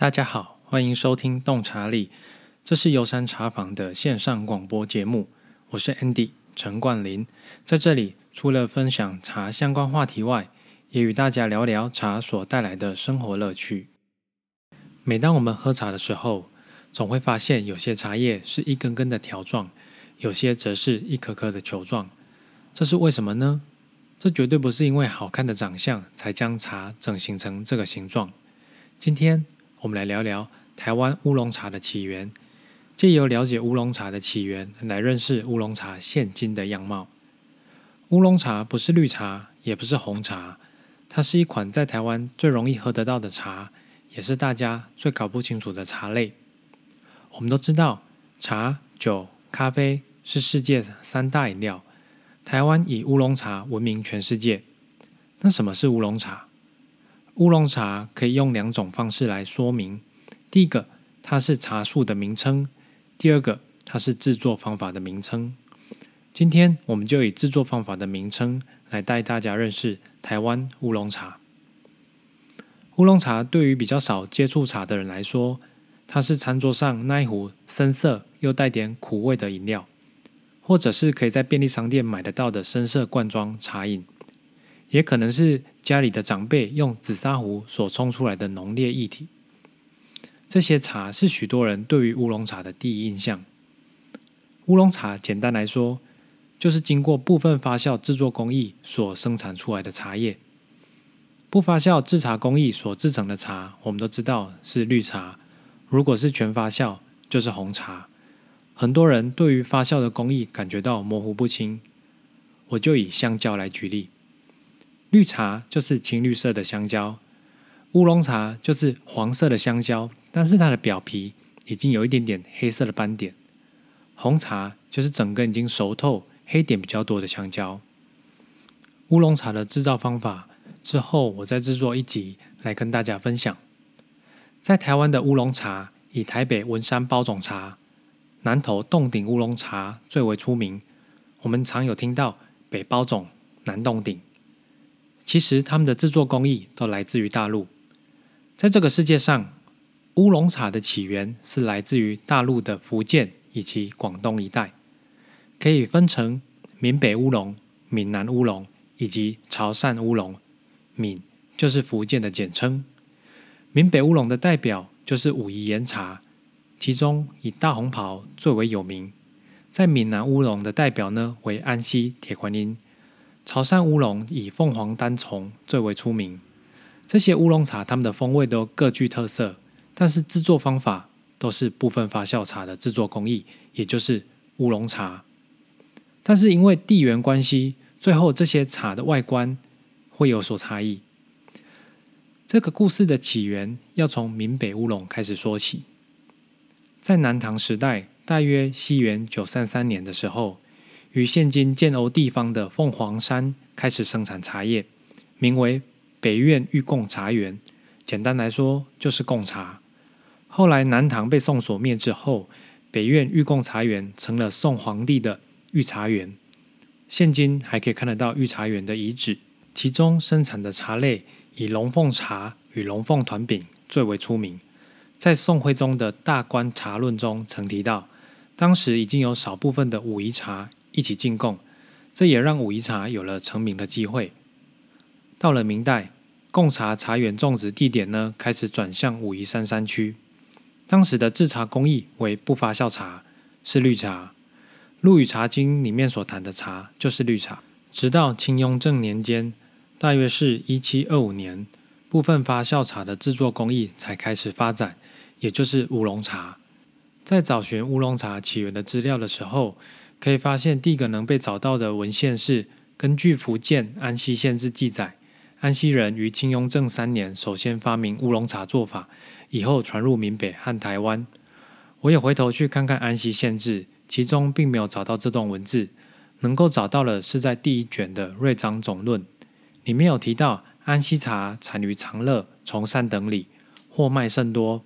大家好，歡迎收聽《洞察力》，這是游山茶坊的線上廣播節目。我是 Andy 陳冠霖，在這裡除了分享茶相關話題外，也與大家聊聊茶所帶來的生活樂趣。每當我們喝茶的時候，總會發現有些茶葉是一根根的條狀，有些則是一顆顆的球狀。這是為什麼呢？這絕對不是因為好看的長相才將茶整型成這個形狀。今天。我們來聊聊臺灣烏龍茶的起源，借由了解烏龍茶的起源，來認識烏龍茶現今的樣貌。烏龍茶不是綠茶，也不是紅茶，它是一款在臺灣最容易喝得到的茶，也是大家最搞不清楚的茶類。我們都知道，茶、酒、咖啡是世界三大飲料，臺灣以烏龍茶聞名全世界。那什麼是烏龍茶？烏龍茶可以用兩種方式來說明：第一個，它是茶樹的名稱；第二個，它是製作方法的名稱。今天我們就以製作方法的名稱來帶大家認識台灣烏龍茶。烏龍茶對於比較少接觸茶的人來說，它是餐桌上那一壺深色又帶點苦味的飲料，或者是可以在便利商店買得到的深色罐裝茶飲，也可能是，家裡的長輩用紫砂壺所沖出來的濃烈液體，這些茶是許多人對於烏龍茶的第一印象。烏龍茶簡單來說，就是經過部分發酵製作工藝所生產出來的茶葉。不發酵製茶工藝所製成的茶，我們都知道是綠茶；如果是全發酵，就是紅茶。很多人對於發酵的工藝感覺到模糊不清，我就以香蕉來舉例。綠茶就是青綠色的香蕉，烏龍茶就是黃色的香蕉，但是它的表皮已經有一點點黑色的斑點。紅茶就是整個已經熟透、黑點比較多的香蕉。烏龍茶的製造方法之後，我再製作一集來跟大家分享。在台灣的烏龍茶，以台北文山包種茶、南投凍頂烏龍茶最為出名。我們常有聽到北包種、南凍頂。其實他們的制作工藝都來自於大陸。在這個世界上，烏龍茶的起源是來自於大陸的福建以及廣東一帶，可以分成閩北烏龍、閩南烏龍以及潮汕烏龍。閩就是福建的簡稱。閩北烏龍的代表就是武夷岩茶，其中以大紅袍最為有名。在閩南烏龍的代表呢為安溪鐵觀音。潮汕烏龍以鳳凰單叢最為出名，這些烏龍茶它們的風味都各具特色，但是制作方法都是部分發酵茶的制作工藝，也就是烏龍茶。但是因為地緣關係，最後這些茶的外觀會有所差異。這個故事的起源要從閩北烏龍開始說起，在南唐時代，大約西元九三三年的時候。於現今建甌地方的鳳凰山開始生產茶葉，名為北苑御貢茶園。簡單來說，就是貢茶。後來南唐被宋所滅之後，北苑御貢茶園成了宋皇帝的御茶園。現今還可以看得到御茶園的遺址，其中生產的茶類以龍鳳茶與龍鳳團餅最為出名。在宋徽宗的大觀茶論中曾提到，當時已經有少部分的武夷茶，一起進貢，這也讓武夷茶有了成名的機會。到了明代，貢茶茶園種植地點呢，開始轉向武夷山山區。當時的製茶工藝為不發酵茶，是綠茶。陸羽《茶經》裡面所談的茶就是綠茶。直到清雍正年間，大約是一七二五年，部分發酵茶的製作工藝才開始發展，也就是烏龍茶。在找尋烏龍茶起源的資料的時候，可以發現，第一個能被找到的文獻是根據福建安溪縣志記載，安溪人於清雍正三年首先發明烏龍茶做法，以後傳入閩北和台灣。我也回頭去看看安溪縣志，其中並沒有找到這段文字。能夠找到的是在第一卷的瑞章總論裡面有提到安溪，安溪茶產於長樂、崇善等里，貨賣甚多。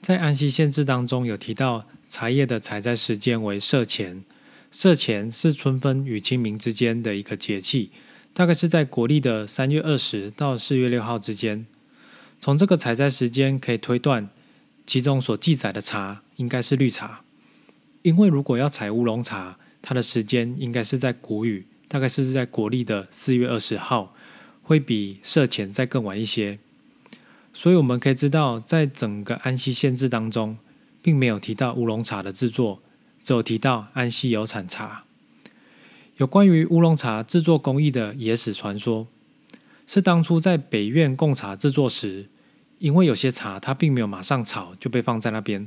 在安溪縣志當中有提到，茶葉的採摘時間為社前。社前是春分與清明之間的一個節氣，大概是在國曆的三月二十到四月六號之間。從這個採摘時間可以推斷，其中所記載的茶應該是綠茶。因為如果要採烏龍茶，它的時間應該是在穀雨，大概是在國曆的四月二十號，會比社前再更晚一些。所以我們可以知道，在整個安溪縣志當中，並沒有提到烏龍茶的製作。只有提到安溪有產茶，有關於烏龍茶制作工藝的野史傳說，是當初在北苑貢茶制作時，因為有些茶它並沒有馬上炒，就被放在那邊，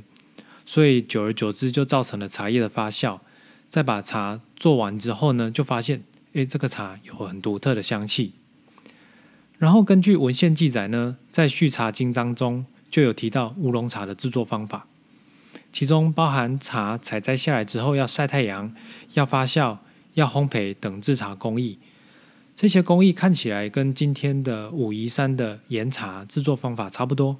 所以久而久之就造成了茶葉的發酵。再把茶做完之後呢，就發現，誒，欸，這個茶有很獨特的香氣。然後根據文獻記載呢，在《續茶經》當中就有提到烏龍茶的制作方法。其中包含茶採摘下來之後要曬太陽、要發酵、要烘焙等製茶工藝。這些工藝看起來跟今天的武夷山的岩茶製作方法差不多。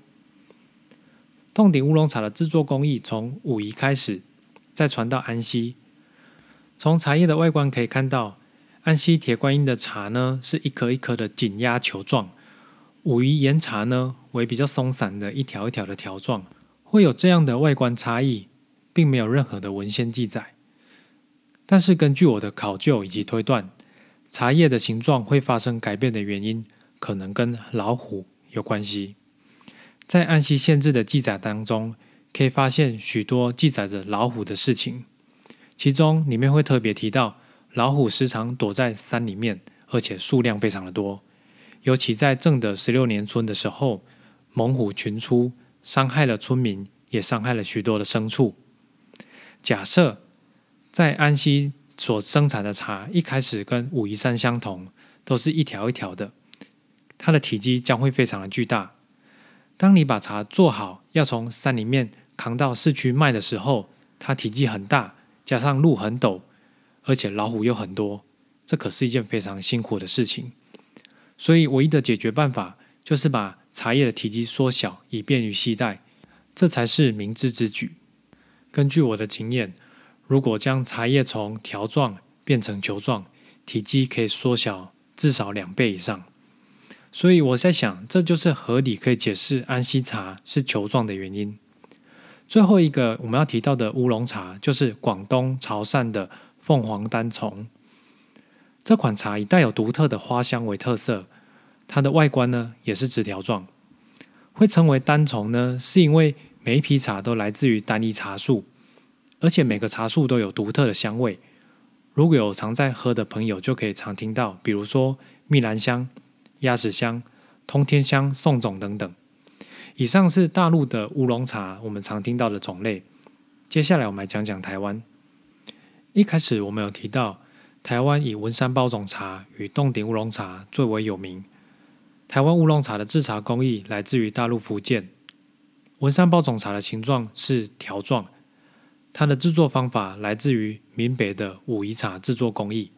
凍頂烏龍茶的製作工藝從武夷開始，再傳到安溪。從茶葉的外觀可以看到，安溪鐵觀音的茶呢是一顆一顆的緊壓球狀，武夷岩茶呢為比較鬆散的一條一條的條狀。會有這樣的外觀差異，並沒有任何的文獻記載。但是根據我的考究以及推斷，茶葉的形狀會發生改變的原因，可能跟老虎有關係。在安溪縣志的記載當中，可以發現許多記載着老虎的事情，其中裡面會特別提到，老虎時常躲在山裡面，而且數量非常的多。尤其在正德十六年春的時候，猛虎群出。傷害了村民，也傷害了許多的牲畜。假設在安溪所生產的茶一開始跟武夷山相同，都是一條一條的，它的體積將會非常的巨大。當你把茶做好，要從山裡面扛到市區賣的時候，它體積很大，加上路很陡，而且老虎又很多，這可是一件非常辛苦的事情。所以唯一的解決辦法就是把茶葉的體積縮小，以便於攜帶，這才是明智之舉。根據我的經驗，如果將茶葉從條狀變成球狀，體積可以縮小至少兩倍以上。所以我在想，這就是合理可以解釋安溪茶是球狀的原因。最後一個我們要提到的烏龍茶，就是廣東潮汕的鳳凰單叢。這款茶以帶有獨特的花香為特色。它的外觀呢，也是枝條狀。會稱為單叢呢，是因為每一批茶都來自於單一茶樹，而且每個茶樹都有獨特的香味。如果有常在喝的朋友，就可以常聽到，比如說蜜蘭香、鴨屎香、通天香、宋種等等。以上是大陸的烏龍茶，我們常聽到的種類。接下來我們來講講台灣。一開始我們有提到，台灣以文山包種茶與凍頂烏龍茶最為有名。台灣烏龍茶的製茶工藝來自於大陸福建。文山包種茶的形狀是條狀，它的製作方法來自於閩北的武夷茶製作工藝。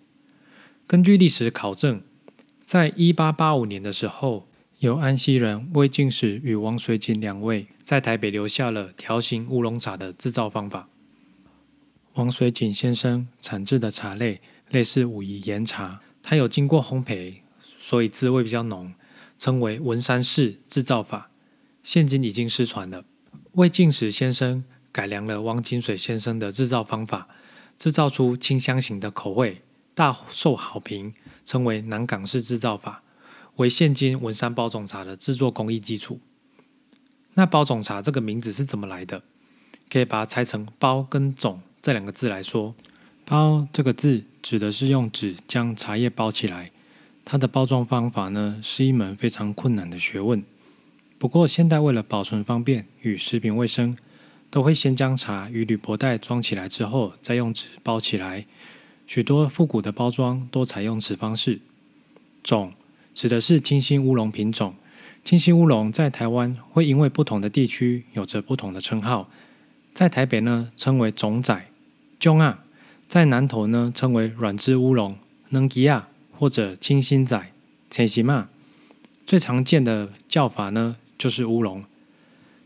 根據歷史考證，在一八八五年的時候，由安溪人魏靜時與王水錦兩位在台北留下了條形烏龍茶的製造方法。王水錦先生產製的茶類類似武夷岩茶，它有經過烘焙，所以滋味比較濃。稱為文山式製造法，現今已經失傳了。魏靜時先生改良了王金水先生的製造方法，製造出清香型的口味，大受好評，稱為南港式製造法，為現今文山包種茶的制作工藝基礎。那包種茶這個名字是怎麼來的？可以把它拆成“包”跟“種”這兩個字來說，“包”這個字指的是用紙將茶葉包起來。它的包裝方法呢，是一門非常困難的學問。不過，現代為了保存方便與食品衛生，都會先將茶與鋁箔袋裝起來之後，再用紙包起來。許多復古的包裝都採用此方式。種指的是青心烏龍品種，青心烏龍在台灣會因為不同的地區有着不同的稱號。在台北呢，稱為種仔 jong 啊，在南投呢，稱為軟枝烏龍 nengia 或者青心仔、青心嘛，最常見的叫法呢就是烏龍。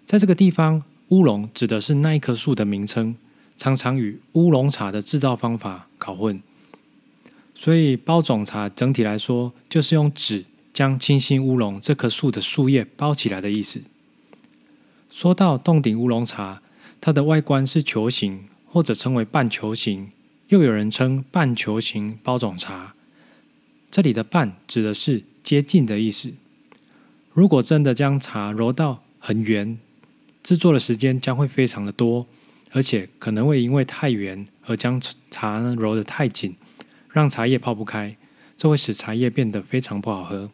在這個地方，烏龍指的是那一棵樹的名稱，常常與烏龍茶的制造方法搞混。所以包種茶整體來說，就是用紙將青心烏龍這棵樹的樹葉包起來的意思。說到凍頂烏龍茶，它的外觀是球形，或者稱為半球形，又有人稱半球形包種茶。這裡的“半”指的是接近的意思。如果真的將茶揉到很圓，製作的時間將會非常的多，而且可能會因為太圓而將茶揉得太緊，讓茶葉泡不開，這會使茶葉變得非常不好喝。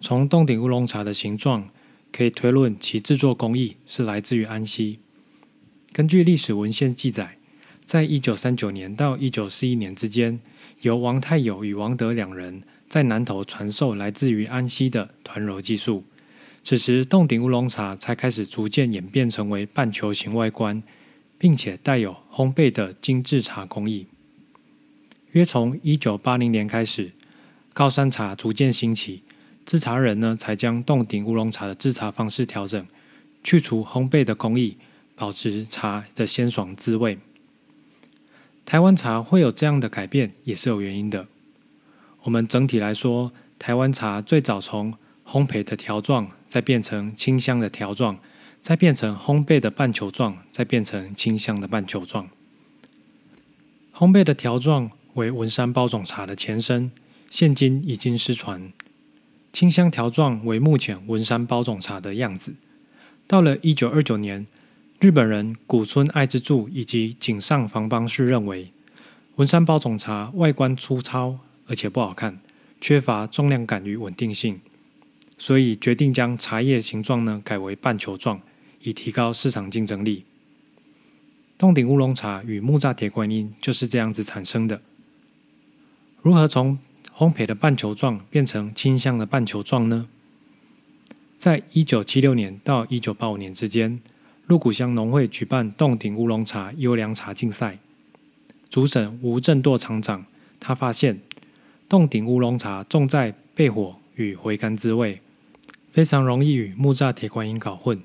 從凍頂烏龍茶的形狀可以推論，其製作工藝是來自於安溪。根據歷史文獻記載，在一九三九年到一九四一年之間，由王泰友與王德兩人在南投傳授來自於安溪的團揉技術。此時，凍頂烏龍茶才開始逐漸演變成為半球形外觀，并且帶有烘焙的精製茶工藝。約從一九八零年開始，高山茶逐漸興起，制茶人呢，才將凍頂烏龍茶的制茶方式調整，去除烘焙的工藝，保持茶的鮮爽滋味。台灣茶會有這樣的改變，也是有原因的。我們整體來說，台灣茶最早從烘焙的條狀，再變成清香的條狀，再變成烘焙的半球狀，再變成清香的半球狀。烘焙的條狀為文山包種茶的前身，現今已經失傳。清香條狀為目前文山包種茶的樣子。到了一九二九年。日本人古村愛之助以及井上房邦士認為，文山包種茶外觀粗糙，而且不好看，缺乏重量感與穩定性，所以決定將茶葉形狀呢改為半球狀，以提高市場競爭力。凍頂烏龍茶與木柵鐵觀音就是這樣子產生的。如何從烘焙的半球狀變成清香的半球狀呢？在一九七六年到一九八五年之間。鹿谷鄉農會舉辦凍頂烏龍茶優良茶競賽，主審吳振鐸場長，他發現凍頂烏龍茶重在焙火與回甘滋味，非常容易與木柵鐵觀音搞混，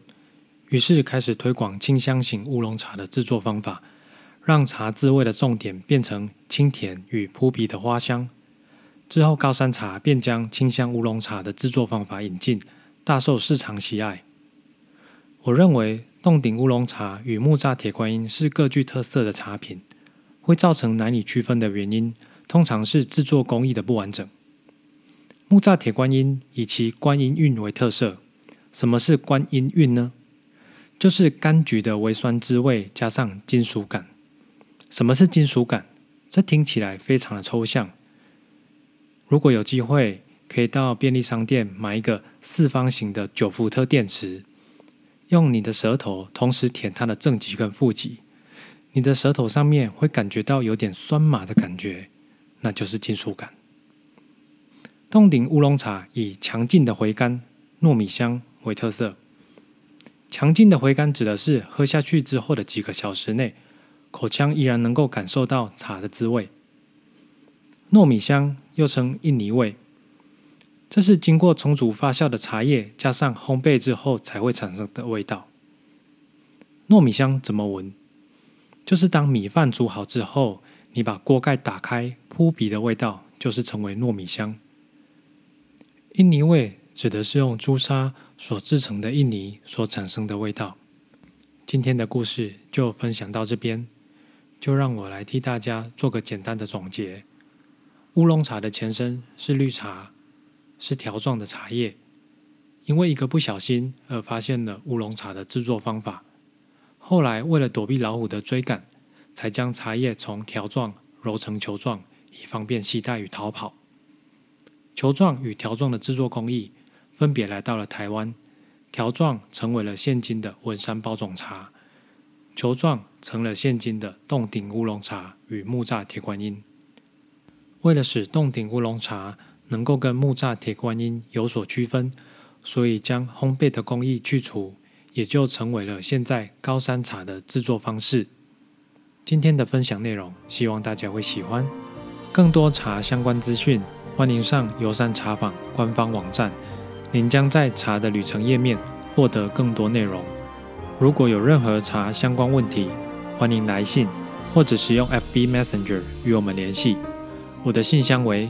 於是開始推廣清香型烏龍茶的制作方法，讓茶滋味的重點變成清甜與撲鼻的花香。之後高山茶便將清香烏龍茶的制作方法引進，大受市場喜愛。我認為。洞頂烏龍茶與木柵鐵觀音是各具特色的茶品，會造成難以區分的原因，通常是製作工藝的不完整。木柵鐵觀音以其觀音韻為特色，什麼是觀音韻呢？就是柑橘的微酸滋味加上金屬感。什麼是金屬感？這聽起來非常的抽象。如果有機會，可以到便利商店買一個四方形的九伏特電池。用你的舌頭同時舔它的正極跟負極，你的舌頭上面會感覺到有點酸麻的感覺，那就是金屬感。洞頂烏龍茶以強勁的回甘、糯米香為特色。強勁的回甘指的是喝下去之後的幾個小時內，口腔依然能夠感受到茶的滋味。糯米香又稱印尼味。這是經過重組發酵的茶葉，加上烘焙之後才會產生的味道。糯米香怎麼聞？就是當米飯煮好之後，你把鍋蓋打開，撲鼻的味道就是成為糯米香。印泥味指的是用硃砂所製成的印泥所產生的味道。今天的故事就分享到這邊，就讓我來替大家做個簡單的總結。烏龍茶的前身是綠茶。是條狀的茶葉，因為一個不小心而發現了烏龍茶的制作方法。後來為了躲避老虎的追趕，才將茶葉從條狀揉成球狀，以方便攜帶與逃跑。球狀與條狀的制作工藝分別來到了台灣，條狀成為了現今的文山包種茶，球狀成了現今的凍頂烏龍茶與木柵鐵觀音。為了使凍頂烏龍茶能夠跟木柵鐵觀音有所區分，所以將烘焙的工藝去除，也就成為了現在高山茶的制作方式。今天的分享內容，希望大家會喜歡。更多茶相關資訊，歡迎上遊山茶坊官方網站，您將在茶的旅程頁面獲得更多內容。如果有任何茶相關問題，歡迎來信或者使用 FB Messenger 與我們聯繫。我的信箱為。